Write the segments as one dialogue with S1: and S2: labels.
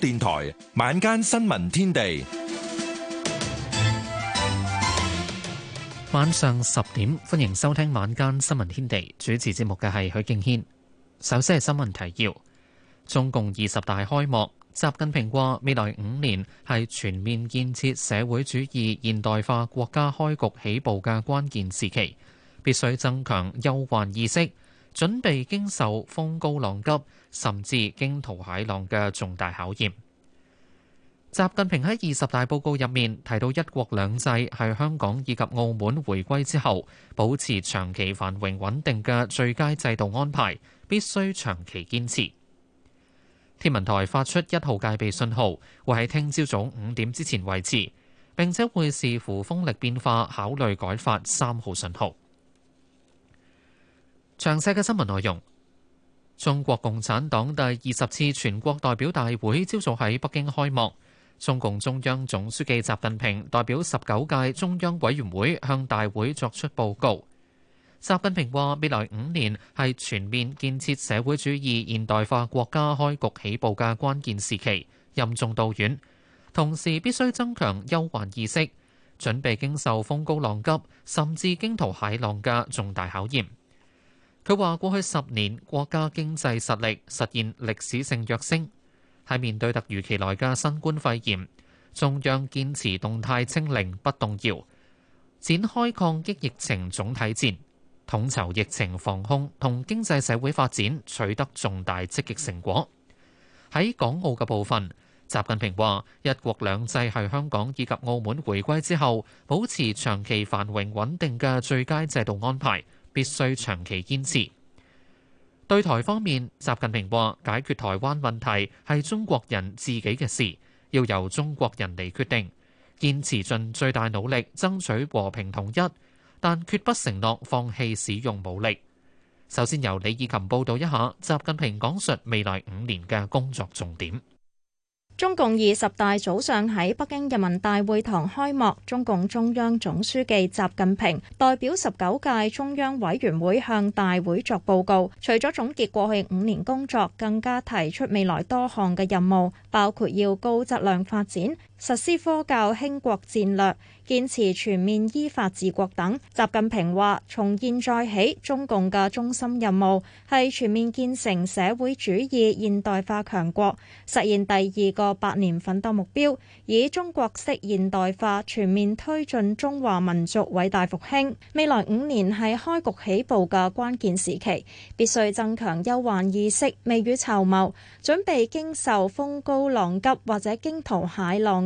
S1: 電台晚，晚間新聞天地，晚
S2: 上十點，歡迎收聽晚間新聞天地。主持節目嘅係許敬軒。首先係新聞提要：中共二十大開幕，習近平話未來五年係全面建設社會主義現代化國家開局起步嘅關鍵時期，必須增強憂患意識。準備經受風高浪急，甚至驚濤駭浪嘅重大考驗。習近平喺二十大報告入面提到，一國兩制係香港以及澳門回歸之後保持長期繁榮穩定嘅最佳制度安排，必須長期堅持。天文台發出一號戒備信號，會喺聽朝早五點之前維持，並且會視乎風力變化考慮改發三號信號。詳細嘅新聞內容，中國共產黨第二十次全國代表大會朝早喺北京開幕，中共中央總書記習近平代表十九屆中央委員會向大會作出報告。習近平話：未來五年係全面建設社會主義現代化國家開局起步嘅關鍵時期，任重道遠，同時必須增強憂患意識，準備經受風高浪急，甚至驚濤駭浪嘅重大考驗。佢話：過去十年，國家經濟實力實現歷史性躍升，係面對突如其來嘅新冠肺炎，中央堅持動態清零不動搖，展開抗擊疫情總體戰，統籌疫情防控同經濟社會發展，取得重大積極成果。喺港澳嘅部分，習近平話：一國兩制係香港以及澳門回歸之後保持長期繁榮穩定嘅最佳制度安排。必須長期堅持。對台方面，習近平話：解決台灣問題係中國人自己嘅事，要由中國人嚟決定，堅持盡最大努力爭取和平統一，但決不承諾放棄使用武力。首先由李以琴報導一下習近平講述未來五年嘅工作重點。
S3: 中共二十大早上喺北京人民大會堂開幕，中共中央總書記習近平代表十九屆中央委員會向大會作報告，除咗總結過去五年工作，更加提出未來多項嘅任務，包括要高質量發展。實施科教興國戰略，堅持全面依法治國等。習近平話：從現在起，中共嘅中心任務係全面建成社會主義現代化強國，實現第二個百年奮鬥目標，以中國式現代化全面推進中華民族偉大復興。未來五年係開局起步嘅關鍵時期，必須增強憂患意識，未雨綢繆，準備經受風高浪急或者驚濤駭浪。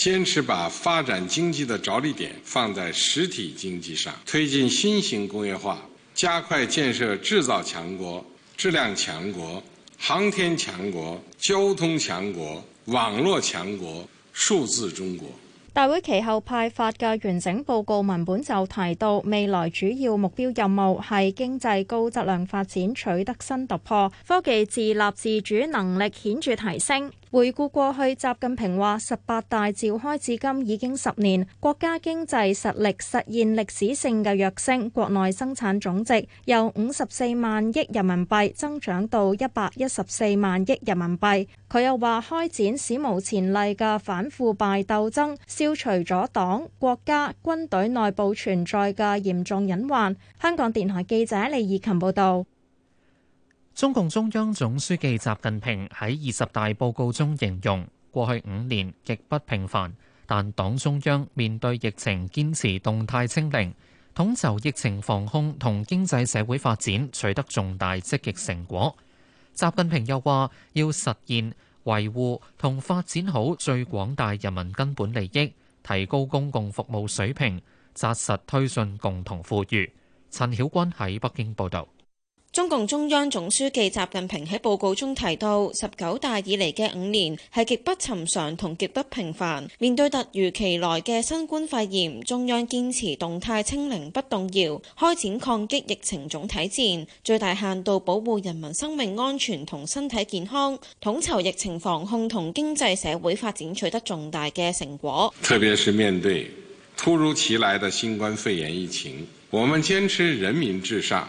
S4: 堅持把發展經濟的着力點放在實體經濟上，推進新型工業化，加快建設製造強國、質量強國、航天強國、交通強國、網絡強國、數字中國。
S3: 大會其後派發嘅完整報告文本就提到，未來主要目標任務係經濟高質量發展取得新突破，科技自立自主能力顯著提升。回顧過去，習近平話：十八大召開至今已經十年，國家經濟實力實現歷史性嘅躍升，國內生產總值由五十四萬億人民幣增長到一百一十四萬億人民幣。佢又話開展史無前例嘅反腐敗鬥爭，消除咗黨、國家、軍隊內部存在嘅嚴重隱患。香港電台記者李怡琴報道。中共中央
S2: 總書記習近平喺二十大報告中形容，過去五年極不平凡，但黨中央面對疫情堅持動態清零，統籌疫情防控同經濟社會發展，取得重大積極成果。習近平又話要實現維護同發展好最廣大人民根本利益，提高公共服務水平，紮實推進共同富裕。陳曉君喺北京報道。
S5: 中共中央總書記習近平喺報告中提到，十九大以嚟嘅五年係極不尋常同極不平凡。面對突如其來嘅新冠肺炎，中央堅持動態清零不動搖，開展抗擊疫情總體戰，最大限度保護人民生命安全同身體健康，統籌疫情防控同經濟社會發展，取得重大嘅成果。
S4: 特別是面對突如其來的新冠肺炎疫情，我們堅持人民至上。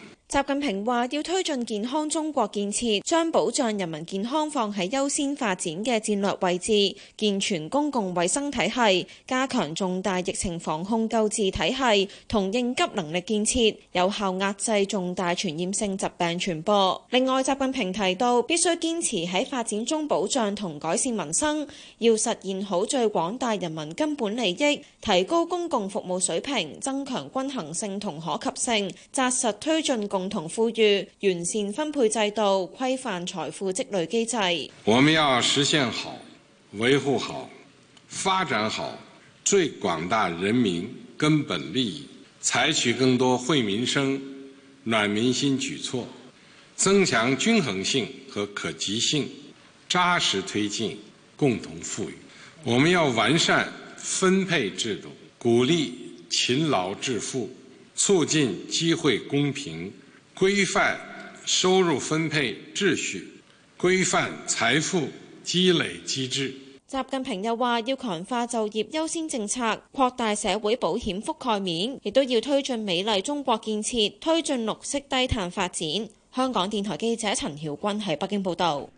S5: 習近平話要推進健康中國建設，將保障人民健康放喺優先發展嘅戰略位置，健全公共衛生體系，加強重大疫情防控救治體系同應急能力建設，有效遏制重大傳染性疾病傳播。另外，習近平提到必須堅持喺發展中保障同改善民生，要實現好最廣大人民根本利益，提高公共服務水平，增強均衡性同可及性，紮實推進共。共同富裕，完善分配制度，規範財富積累機制。
S4: 我們要實現好、維護好、發展好最廣大人民根本利益，採取更多惠民生、暖民心舉措，增強均衡性和可及性，紮實推進共同富裕。我們要完善分配制度，鼓勵勤勞致富，促進機會公平。規範收入分配秩序，規範財富積累機制。
S5: 習近平又話要強化就業優先政策，擴大社會保險覆蓋面，亦都要推進美麗中國建設，推進綠色低碳發展。香港電台記者陳曉君喺北京報道。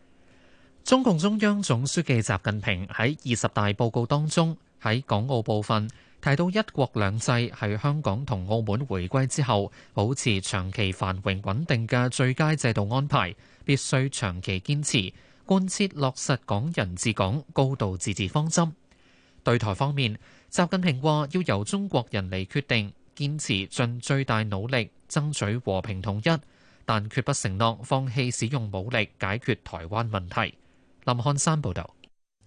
S2: 中共中央總書記習近平喺二十大報告當中喺港澳部分。提到一國兩制係香港同澳門回歸之後保持長期繁榮穩定嘅最佳制度安排，必須長期堅持貫徹落實港人治港、高度自治方針。對台方面，習近平話要由中國人嚟決定，堅持盡最大努力爭取和平統一，但決不承諾放棄使用武力解決台
S6: 灣問題，林漢山報道。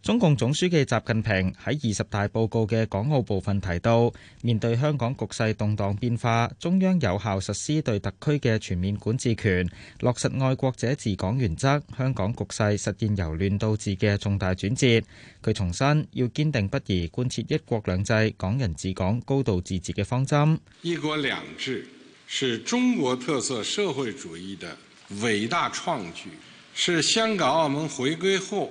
S6: 中共總書記習近平喺二十大報告嘅港澳部分提到，面對香港局勢動盪變化，中央有效實施對特區嘅全面管治權，落實愛國者治港原則，香港局勢實現由亂到治嘅重大轉折。佢重申，要堅定不移貫徹一國兩制、港人治港、高度自治嘅方針。
S4: 一國兩制是中國特色社會主義的偉大創舉，
S6: 是香
S4: 港澳門回歸後，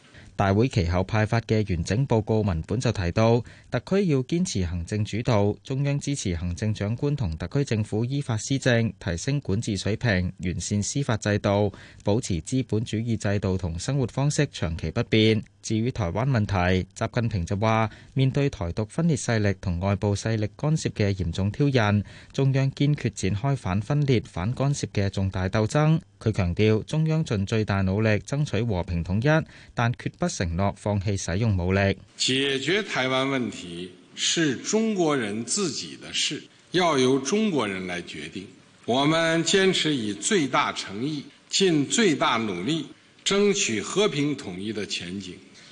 S6: 大會其後派發嘅完整報告文本就提到，特區要堅持行政主導，中央支持行政長官同特區政府依法施政，提升管治水平，完善司法制度，保持資本主義制度同生活方式長期不變。至於台灣問題，習近平就話：面對台獨分裂勢力同外部勢力干涉嘅嚴重挑釁，中央堅決展開反分裂、反干涉嘅重大鬥爭。佢強調，中央盡最大努力爭取和平統一，但決不承諾放棄使用武力。
S4: 解決台灣問題是中國人自己的事，要由中國人來決定。我們堅持以最大誠意、盡最大努力爭取和平統一的前景。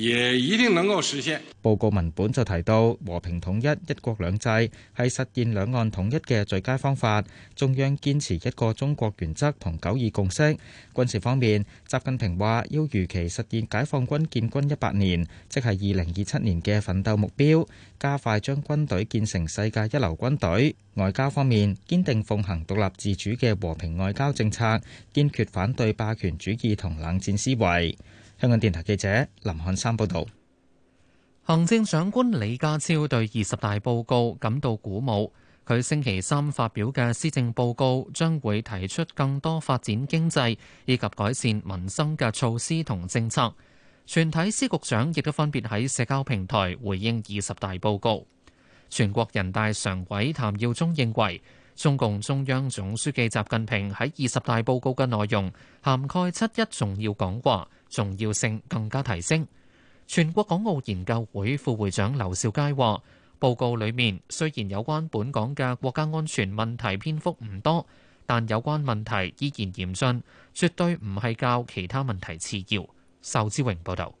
S4: 也一定能夠實現。
S6: 報告文本就提到，和平統一、一國兩制係實現兩岸統一嘅最佳方法。中央堅持一個中國原則同九二共識。軍事方面，習近平話要如期實現解放軍建軍一百年，即係二零二七年嘅奮鬥目標，加快將軍隊建成世界一流軍隊。外交方面，堅定奉行獨立自主嘅和平外交政策，堅決反對霸權主義同冷戰思維。香港電台記者林漢山報道，
S2: 行政長官李家超對二十大報告感到鼓舞。佢星期三發表嘅施政報告將會提出更多發展經濟以及改善民生嘅措施同政策。全體司局長亦都分別喺社交平台回應二十大報告。全國人大常委譚耀宗認為，中共中央總書記習近平喺二十大報告嘅內容涵蓋七一重要講話。重要性更加提升。全國港澳研究會副會長劉兆佳話，報告裏面雖然有關本港嘅國家安全問題篇幅唔多，但有關問題依然嚴峻，絕對唔係較其他問題次要。
S7: 仇志榮報道。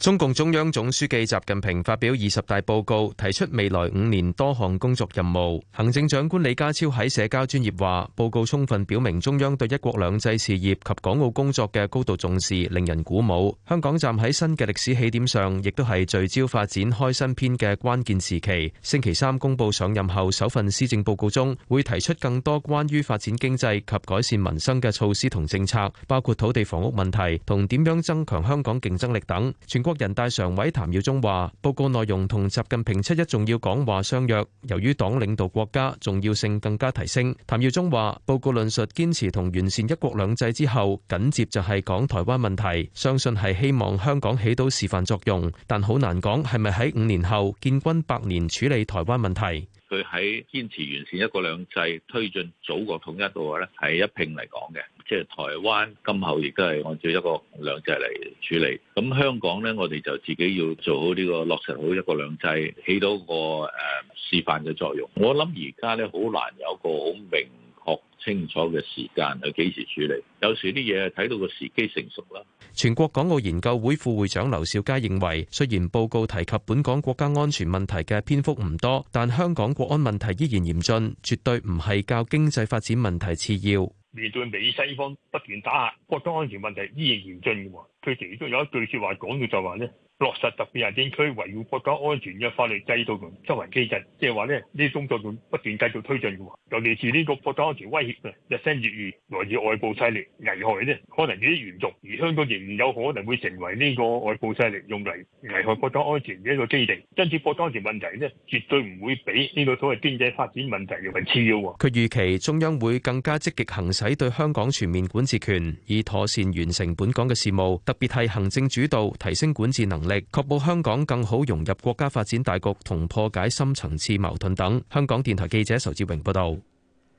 S7: 中共中央總書記習近平發表二十大報告，提出未來五年多項工作任務。行政長官李家超喺社交專業話，報告充分表明中央對一國兩制事業及港澳工作嘅高度重視，令人鼓舞。香港站喺新嘅歷史起點上，亦都係聚焦發展開新篇嘅關鍵時期。星期三公佈上任後首份施政報告中，會提出更多關於發展經濟及改善民生嘅措施同政策，包括土地房屋問題同點樣增強香港競爭力等。全國。全國人大常委譚耀宗話：報告內容同習近平七一重要講話相約，由於黨領導國家重要性更加提升。譚耀宗話：報告論述堅持同完善一國兩制之後，緊接就係講台灣問題，相信係希望香港起到示範作用，但好難講係咪喺五年後建軍百年處理台灣問題。
S8: 佢喺堅持完善一國兩制、推進祖國統一度，話係一併嚟講嘅。即係台灣，今後亦都係按照一國兩制嚟處理。咁香港咧，我哋就自己要做好呢個落實好一國兩制，起到個誒示範嘅作用。我諗而家咧，好難有個好明確清楚嘅時間去幾時處理。有時啲嘢睇到個時機成熟啦。
S7: 全國港澳研究會副會長劉兆佳認為，雖然報告提及本港國家安全問題嘅篇幅唔多，但香港國安問題依然嚴峻，絕對唔係較經濟發展問題次要。
S8: 面對美西方不斷打壓，國家安全問題依然嚴峻。佢其中有一句説話講到就話咧，落實特別行政區維護國家安全嘅法律制度同執行機制，即係話咧呢工作會不斷繼續推進。尤其是呢個國家安全威脅嘅日升月異，來自外部勢力危害咧，可能有啲嚴重。而香港仍有可能會成為呢個外部勢力用嚟危害國家安全嘅一個基地。因此，國家安全問題咧，絕對唔會比呢個所謂經濟發展問題嚟次要。
S7: 佢預期中央會更加積極行使對香港全面管治權，以妥善完成本港嘅事務。特別係行政主導提升管治能力，確保香港更好融入國家發展大局，同破解深層次矛盾等。香港電台記者仇志榮報道：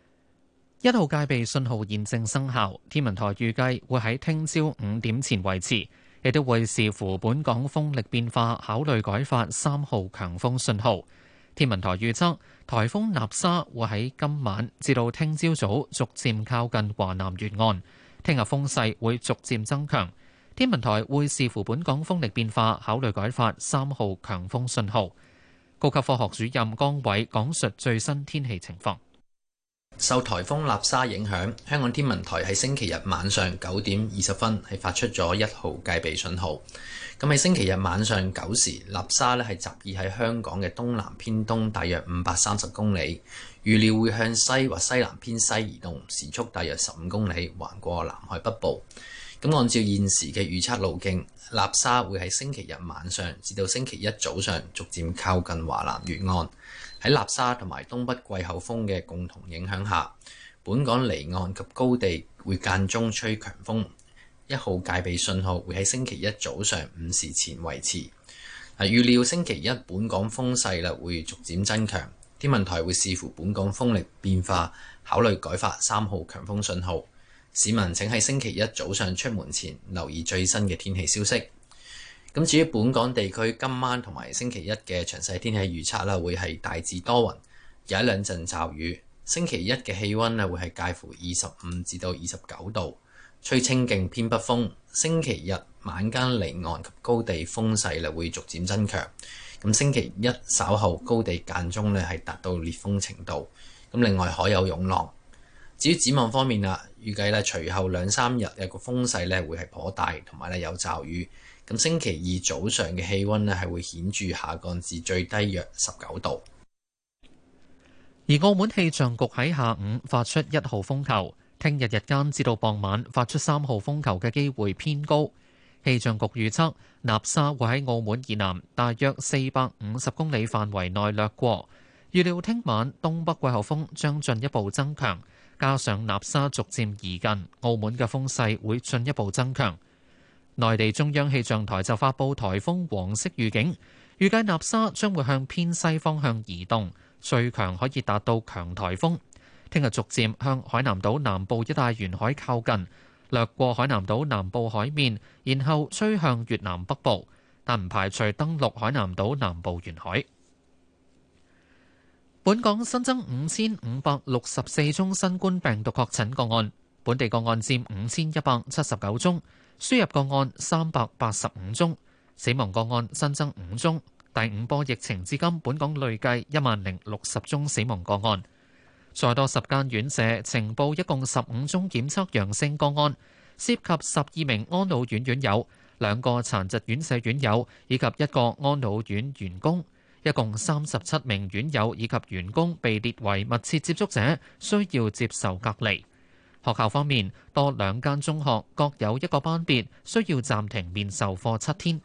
S2: 「一號戒備信號現正生效，天文台預計會喺聽朝五點前維持，亦都會視乎本港風力變化，考慮改發三號強風信號。」天文台預測颱風納沙會喺今晚至到聽朝早逐漸靠近華南沿岸，聽日風勢會逐漸增強。天文台會視乎本港風力變化，考慮改發三號強風信號。高級科學主任江偉講述最新天氣情況。受颱風立沙
S9: 影響，香港天文台喺星期日晚上九點二十分係發出咗一號戒備信號。咁喺星期日晚上九時，立沙咧係集結喺香港嘅東南偏東大約五百三十公里，預料會向西或西南偏西移動，時速大約十五公里，橫過南海北部。咁按照現時嘅預測路徑，納沙會喺星期日晚上至到星期一早上，逐漸靠近華南沿岸。喺納沙同埋東北季候風嘅共同影響下，本港離岸及高地會間中吹強風。一號戒備信號會喺星期一早上五時前維持。預料星期一本港風勢啦會逐漸增強，天文台會視乎本港風力變化，考慮改發三號強風信號。市民請喺星期一早上出門前留意最新嘅天氣消息。咁至於本港地區今晚同埋星期一嘅詳細天氣預測啦，會係大致多雲，有一兩陣驟雨。星期一嘅氣温咧，會係介乎二十五至到二十九度，吹清勁偏北風。星期日晚間離岸及高地風勢咧，會逐漸增強。咁星期一稍後高地間中咧，係達到烈風程度。咁另外海有湧浪。至於展望方面啊。預計咧，隨後兩三日有個風勢咧，會係頗大，同埋咧有驟雨。咁星期二早上嘅氣温咧，係會顯著下降至最低約十九
S2: 度。而澳門氣象局喺下午發出一號風球，聽日日間至到傍晚發出三號風球嘅機會偏高。氣象局預測，納沙會喺澳門以南大約四百五十公里範圍內掠過。預料聽晚東北季候風將進一步增強。加上納沙逐漸移近，澳門嘅風勢會進一步增強，內地中央氣象台就發布颱風黃色預警，預計納沙將會向偏西方向移動，最強可以達到強颱風，聽日逐漸向海南島南部一帶沿海靠近，掠過海南島南部海面，然後吹向越南北部，但唔排除登陸海南島南部沿海。本港新增五千五百六十四宗新冠病毒確診個案，本地個案占五千一百七十九宗，輸入個案三百八十五宗，死亡個案新增五宗。第五波疫情至今，本港累計一萬零六十宗死亡個案。再多十間院舍呈報，一共十五宗檢測陽性個案，涉及十二名安老院院友、兩個殘疾院舍院友以及一個安老院員工。一共三十七名院友以及員工被列為密切接觸者，需要接受隔離。學校方面，多兩間中學各有一個班別需要暫停面授課七天。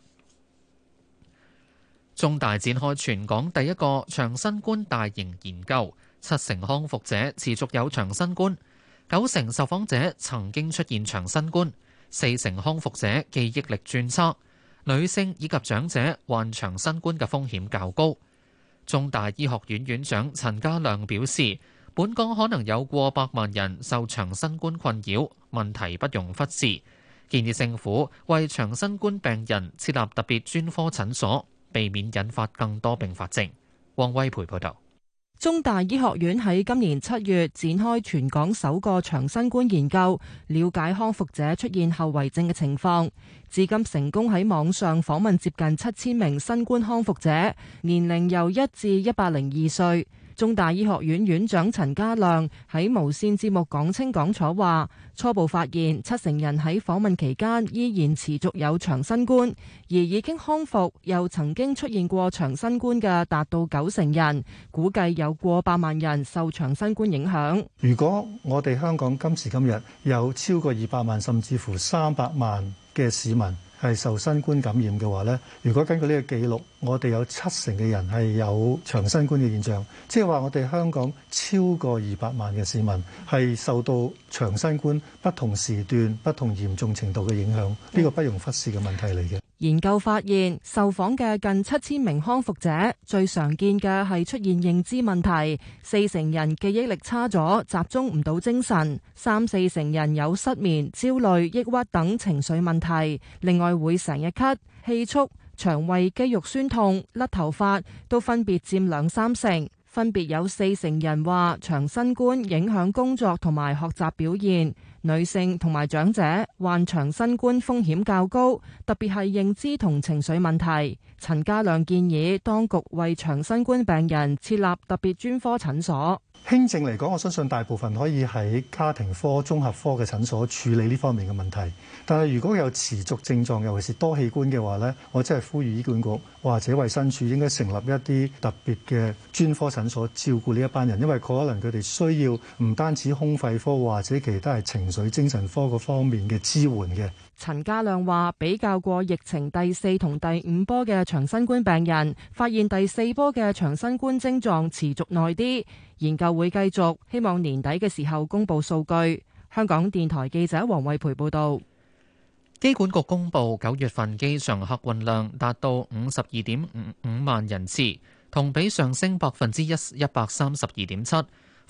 S2: 中大展開全港第一個長新冠大型研究，七成康復者持續有長新冠，九成受訪者曾經出現長新冠，四成康復者記憶力轉差。女性以及長者患長新冠嘅風險較高。中大醫學院院長陳家亮表示，本港可能有過百萬人受長新冠困擾，問題不容忽視，建議政府為長新冠病人設立特別專科診所，避免引發更多併發症。汪威培報道。
S10: 中大醫學院喺今年七月展開全港首個長新冠研究，了解康復者出現後遺症嘅情況。至今成功喺網上訪問接近七千名新冠康復者，年齡由一至一百零二歲。中大醫學院院長陳家亮喺無線節目講清講楚話：初步發現七成人喺訪問期間依然持續有長新冠，而已經康復又曾經出現過長新冠嘅達到九成人，估計有過百萬人受長新冠影響。
S1: 如果我哋香港今時今日有超過二百萬甚至乎三百萬嘅市民係受新冠感染嘅話咧，如果根據呢個記錄。我哋有七成嘅人係有長新冠嘅現象，即係話，我哋香港超過二百萬嘅市民係受到長新冠不同時段、不同嚴重程度嘅影響，呢個不容忽視嘅問題嚟嘅。嗯、
S10: 研究發現，受訪嘅近七千名康復者，最常見嘅係出現認知問題，四成人記憶力差咗，集中唔到精神，三四成人有失眠、焦慮、抑鬱等情緒問題，另外會成日咳、氣促。腸胃肌肉酸痛、甩頭髮都分別佔兩三成，分別有四成人話長新冠影響工作同埋學習表現。女性同埋長者患長新冠風險較高，特別係認知同情緒問題。陳家亮建議當局為長新冠病人設立特別專科診所。
S1: 輕症嚟講，我相信大部分可以喺家庭科、綜合科嘅診所處理呢方面嘅問題。但係如果有持續症狀，尤其是多器官嘅話呢，我真係呼籲醫管局或者衞生署應該成立一啲特別嘅專科診所照顧呢一班人，因為可能佢哋需要唔單止胸肺科或者其他係情緒精神科嘅方面嘅支援嘅。
S10: 陳家亮話：比較過疫情第四同第五波嘅長新冠病人，發現第四波嘅長新冠症狀持續耐啲。研究會繼續，希望年底嘅時候公布數據。香港電台記者黃慧培報道。機管局公布九月份
S2: 機場客運量達到五十二點五五萬人次，同比上升百分之一一百三十二點七。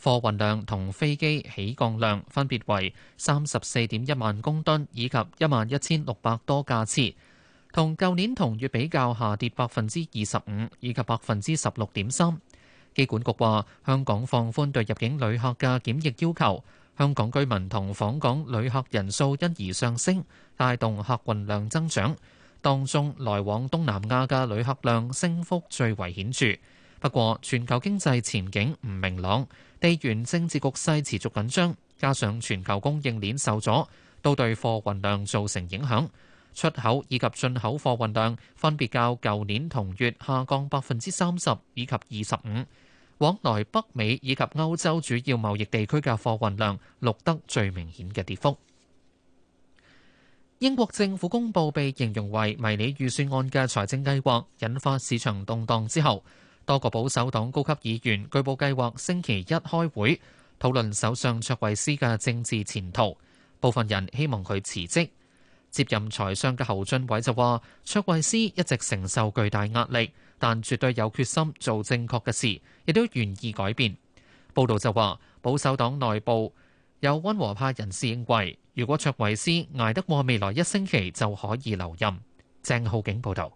S2: 貨運量同飛機起降量分別為三十四點一萬公噸以及一萬一千六百多架次，同舊年同月比較下跌百分之二十五以及百分之十六點三。機管局話，香港放寬對入境旅客嘅檢疫要求，香港居民同訪港旅客人數因而上升，帶動客運量增長。當中來往東南亞嘅旅客量升幅最為顯著。不過，全球經濟前景唔明朗，地緣政治局勢持續緊張，加上全球供應鏈受阻，都對貨運量造成影響。出口以及進口貨運量分別較舊年同月下降百分之三十以及二十五。往來北美以及歐洲主要貿易地區嘅貨運量錄得最明顯嘅跌幅。英國政府公布被形容為迷你預算案嘅財政計劃，引發市場動盪之後。多個保守黨高級議員據報計劃星期一開會討論首相卓慧思嘅政治前途，部分人希望佢辭職。接任財相嘅侯俊偉就話，卓慧思一直承受巨大壓力，但絕對有決心做正確嘅事，亦都願意改變。報道就話，保守黨內部有温和派人士認為，如果卓慧思捱得過未來一星期，就可以留任。鄭浩景報道。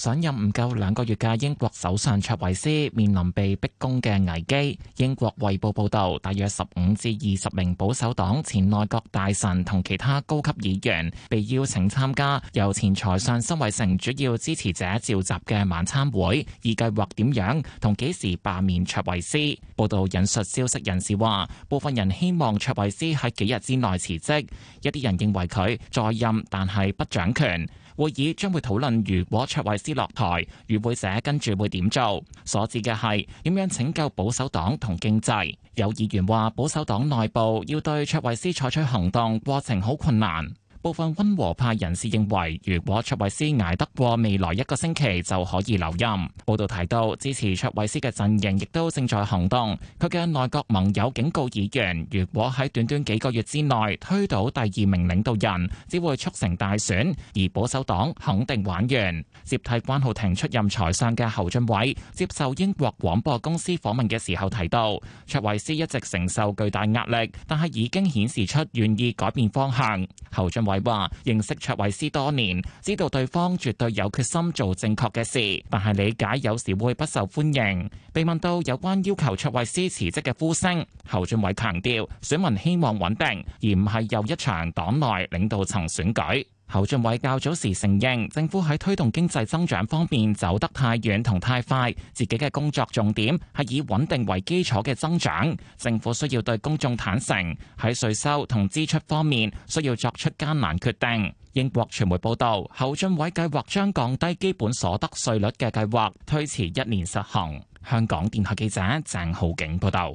S11: 上任唔夠兩個月嘅英國首相卓慧思面臨被逼宮嘅危機。英國《衛報》報導，大約十五至二十名保守黨前內閣大臣同其他高級議員被邀請參加由前財相辛偉誠主要支持者召集嘅晚餐會，而計劃點樣同幾時罷免卓慧思。報導引述消息人士話，部分人希望卓慧思喺幾日之內辭職，一啲人認為佢在任但係不掌權。會議將會討論，如果卓慧斯落台，與會者跟住會點做？所指嘅係點樣拯救保守黨同經濟？有議員話保守黨內部要對卓慧斯採取行動，過程好困難。部分溫和派人士認為，如果卓慧思捱得過未來一個星期，就可以留任。報道提到，支持卓慧思嘅陣營亦都正在行動。佢嘅內閣盟友警告議員，如果喺短短幾個月之內推倒第二名領導人，只會促成大選，而保守黨肯定玩完。接替關浩庭出任財相嘅侯俊偉接受英國廣播公司訪問嘅時候提到，卓慧思一直承受巨大壓力，但係已經顯示出願意改變方向。侯俊。佢話認識卓慧思多年，知道對方絕對有決心做正確嘅事，但係理解有時會不受歡迎。被問到有關要求卓慧思辭職嘅呼聲，侯俊偉強調選民希望穩定，而唔係又一場黨內領導層選舉。侯俊偉較早時承認政府喺推動經濟增長方面走得太遠同太快，自己嘅工作重點係以穩定為基礎嘅增長，政府需要對公眾坦誠，喺稅收同支出方面需要作出艱難決定。英國傳媒報道，侯俊偉計劃將降低基本所得稅率嘅計劃推遲一年實行。香港
S2: 電台記者鄭浩景報道。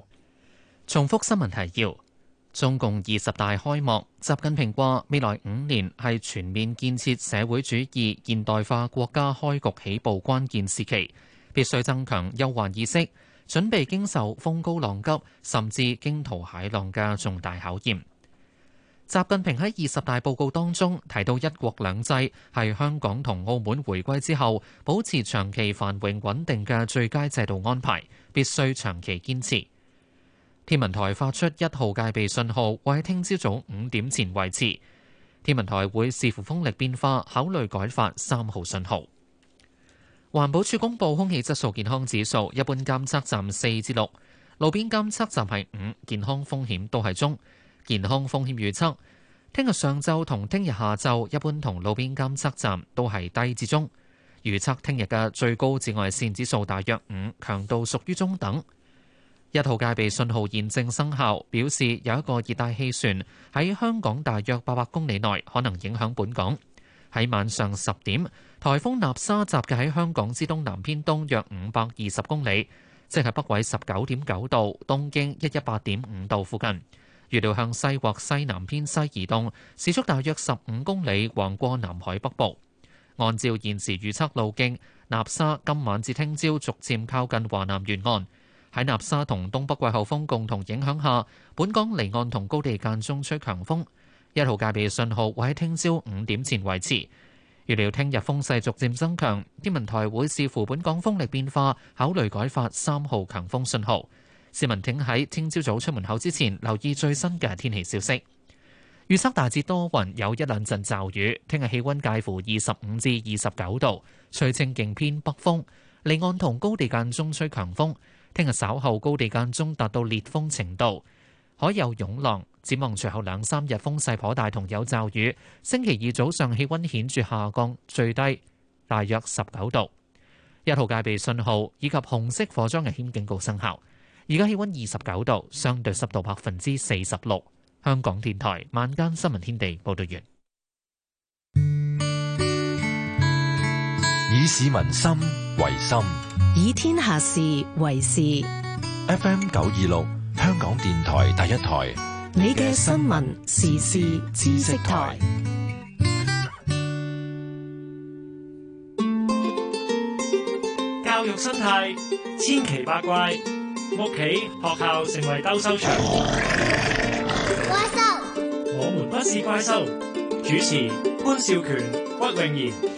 S2: 重複新聞提要。中共二十大開幕，習近平話未來五年係全面建設社會主義現代化國家開局起步關鍵時期，必須增強憂患意識，準備經受風高浪急甚至驚濤駭浪嘅重大考驗。習近平喺二十大報告當中提到，一國兩制係香港同澳門回歸之後保持長期繁榮穩定嘅最佳制度安排，必須長期堅持。天文台發出一號戒備信號，會喺聽朝早五點前維持。天文台會視乎風力變化，考慮改發三號信號。環保署公布空氣質素健康指數，一般監測站四至六，路邊監測站係五，健康風險都係中。健康風險預測，聽日上晝同聽日下晝一般同路邊監測站都係低至中。預測聽日嘅最高紫外線指數大約五，強度屬於中等。一號戒備信號現正生效，表示有一個熱帶氣旋喺香港大約八百公里內可能影響本港。喺晚上十點，颱風納沙集結喺香港之東南偏東約五百二十公里，即係北緯十九點九度、東經一一八點五度附近。預料向西或西南偏西移動，時速大約十五公里，橫過南海北部。按照現時預測路徑，納沙今晚至聽朝逐漸靠近華南沿岸。喺納沙同東北季候風共同影響下，本港離岸同高地間中吹強風，一號戒備信號會喺聽朝五點前維持。預料聽日風勢逐漸增強，天文台會視乎本港風力變化，考慮改發三號強風信號。市民請喺聽朝早出門口之前留意最新嘅天氣消息。預測大致多雲，有一兩陣驟雨。聽日氣温介乎二十五至二十九度，吹清勁偏北風，離岸同高地間中吹強風。聽日稍後高地間中達到烈風程度，可有湧浪。展望隨後兩三日風勢頗大，同有驟雨。星期二早上氣温顯著下降，最低大約十九度。一號戒備信號以及紅色火災危險警告生效。而家氣温二十九度，相對濕度百分之四十六。香港電台晚間新聞天地報道完。
S4: 以市民心為心。
S2: 以天下事為事。
S9: FM 九二六，香港電台第一台，
S2: 你嘅新
S10: 聞時事知識台。
S11: 教育生態千奇百怪，屋企學校成為鬥獸場。怪獸收，我們不是怪獸。主持潘少權、屈穎妍。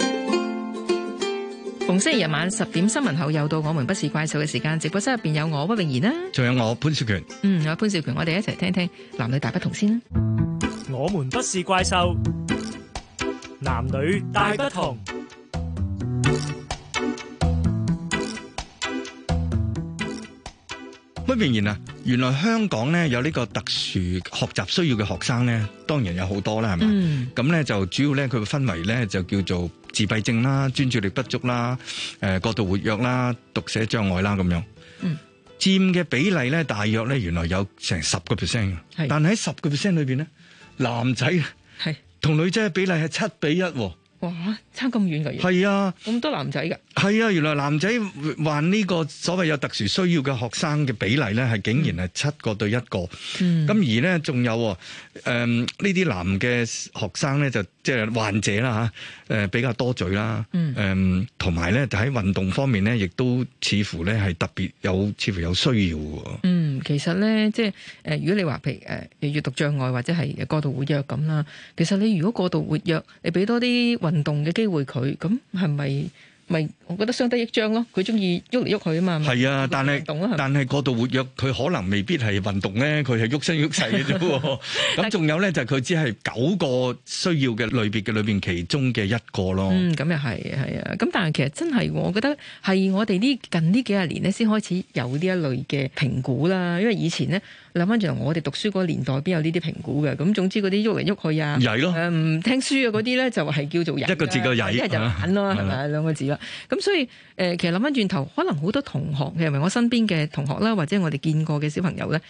S12: 逢星期日晚十點新聞後又到我們不是怪獸嘅時間，直播室入邊有我屈穎妍啦，
S8: 仲有我潘少權，
S12: 嗯，有潘少權，我哋一齊聽聽男女大不同先啦。
S10: 「我們不是怪獸，男女大不同。
S8: 咁然然啊，原來香港咧有呢個特殊學習需要嘅學生咧，當然有好多啦，係咪？咁咧、嗯、就主要咧佢嘅氛圍咧就叫做自閉症啦、專注力不足啦、誒過度活躍啦、讀寫障礙啦咁樣。嗯，佔嘅比例咧大約咧原來有成十個 percent 嘅，是但喺十個 percent 裏邊咧，男仔係同女仔嘅比例係七比一喎。哇！差咁
S12: 遠嘅嘢，係啊，咁多男仔㗎，
S8: 係啊，原來男仔患呢個所謂有特殊需要嘅學生嘅比例咧，係竟然係七個對一個。咁、嗯、而咧仲有誒呢啲男嘅學生咧，就即、是、係患者啦嚇，誒、呃、比較多嘴啦，誒同埋咧就喺運動方面咧，亦都似乎咧係特別有似乎有需要嘅。
S12: 嗯，其實咧即係誒、呃，如果你話譬如誒、呃、閱讀障，障礙或者係過度活躍咁啦，其實你如果過度活躍，你俾多啲，運動嘅機會，佢咁係咪？咪我覺得相得益彰咯，佢中意喐嚟喐去啊嘛。係啊，
S8: 但係但係過度活躍，佢可能未必係運動咧，佢係喐身喐勢嘅啫喎。咁仲有咧就係佢只係九個需要嘅類別嘅裏邊其中嘅一個咯。
S12: 咁又係係啊，咁但係其實真係，我覺得係我哋呢近呢幾十年咧先開始有呢一類嘅評估啦。因為以前咧諗翻住我哋讀書嗰個年代，邊有呢啲評估嘅？咁總之嗰啲喐嚟喐去啊，曳咯，唔聽書嗰啲咧就係叫做一個字嘅曳，一係就玩咯，係咪兩個字啦？咁所以誒、呃，其實諗翻轉頭，可能好多同學，係咪我身邊嘅同學啦，或者我哋見過嘅小朋友咧，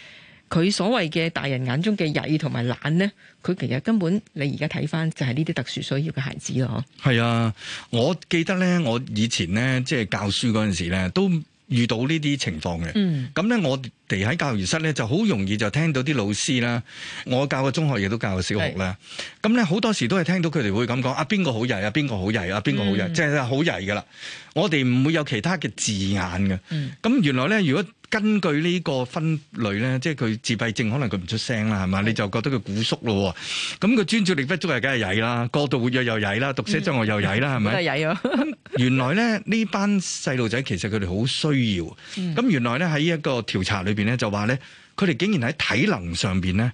S12: 佢所謂嘅大人眼中嘅曳同埋懶咧，佢其實根本你而家睇翻就係呢啲特殊需要嘅孩子咯，嗬？
S8: 係啊，我記得咧，我以前咧即係教書嗰陣時咧都。遇到呢啲情況嘅，咁咧、嗯、我哋喺教員室咧就好容易就聽到啲老師啦，我教過中學亦都教過小學啦，咁咧好多時都係聽到佢哋會咁講啊，邊個好曳啊，邊個好曳啊，邊個好曳，即係好曳噶啦，我哋唔會有其他嘅字眼嘅，咁、嗯、原來咧如果……根據呢個分類咧，即係佢自閉症，可能佢唔出聲啦，係嘛？ 你就覺得佢古縮咯，咁佢專注力不足又梗係曳啦，過度活躍又曳啦，讀寫障礙又曳啦，係咪？咁啊曳、嗯嗯嗯、原來咧，呢 班細路仔其實佢哋好需要。咁、嗯、原來咧喺一個調查裏邊咧，就話咧，佢哋竟然喺體能上邊咧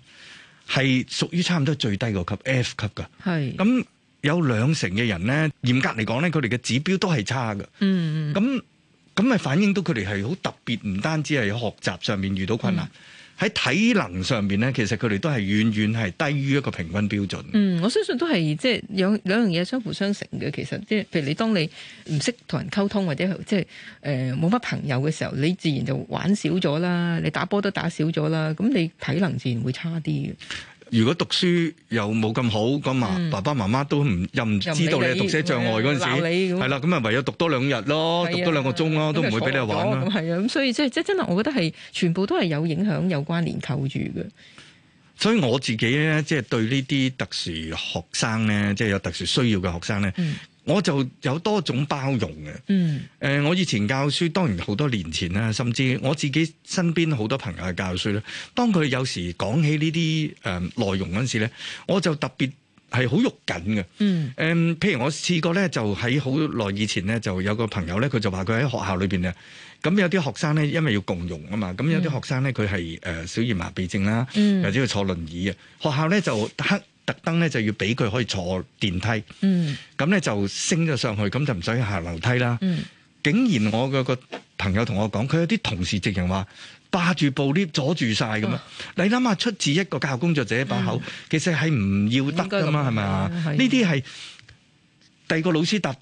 S8: 係屬於差唔多最低個級 F 級嘅。係是。咁有兩成嘅人咧，嚴格嚟講咧，佢哋嘅指標都係差嘅。嗯。咁。 咁咪反映到佢哋係好特別，唔單止係學習上面遇到困難，喺、嗯、體能上面咧，其實佢哋都係遠遠係低於一個平均標準。嗯，
S12: 我相信都係即係兩兩樣嘢相輔相成嘅。其實即係譬如你當你唔識同人溝通或者即係誒冇乜朋友嘅時候，你自然就玩少咗啦，你打波都打少咗啦，咁你體能自然會差啲嘅。
S8: 如果讀書又冇咁好咁啊，爸爸媽媽都唔又唔知道你讀寫障礙嗰陣時，係啦、嗯，咁啊唯有讀多兩日咯，的讀多兩個鐘咯，的都唔會俾你玩啦。係啊、嗯，咁、
S12: 嗯、所以即係即係真係，我覺得係全部都係有影響有關連扣住嘅。
S8: 所以我自己咧，即係對呢啲特殊學生咧，即係有特殊需要嘅學生咧。嗯我就有多種包容嘅。誒、嗯呃，我以前教書當然好多年前啦，甚至我自己身邊好多朋友係教書咧。當佢有時講起呢啲誒內容嗰陣時咧，我就特別係好喐緊嘅。誒、嗯呃，譬如我試過咧，就喺好耐以前咧，就有個朋友咧，佢就話佢喺學校裏邊啊，咁有啲學生咧，因為要共融啊嘛，咁有啲學生咧，佢係誒小兒麻痹症啦，嗯、或者要坐輪椅啊，學校咧就特登咧就要俾佢可以坐電梯，嗯，咁咧就升咗上去，咁就唔使行樓梯啦。嗯，竟然我個個朋友同我講，佢有啲同事直情話霸住部 lift 阻住晒咁樣，哦、你諗下，出自一個教育工作者一把口，嗯、其實係唔要得噶嘛？係咪啊？呢啲係第二個老師答。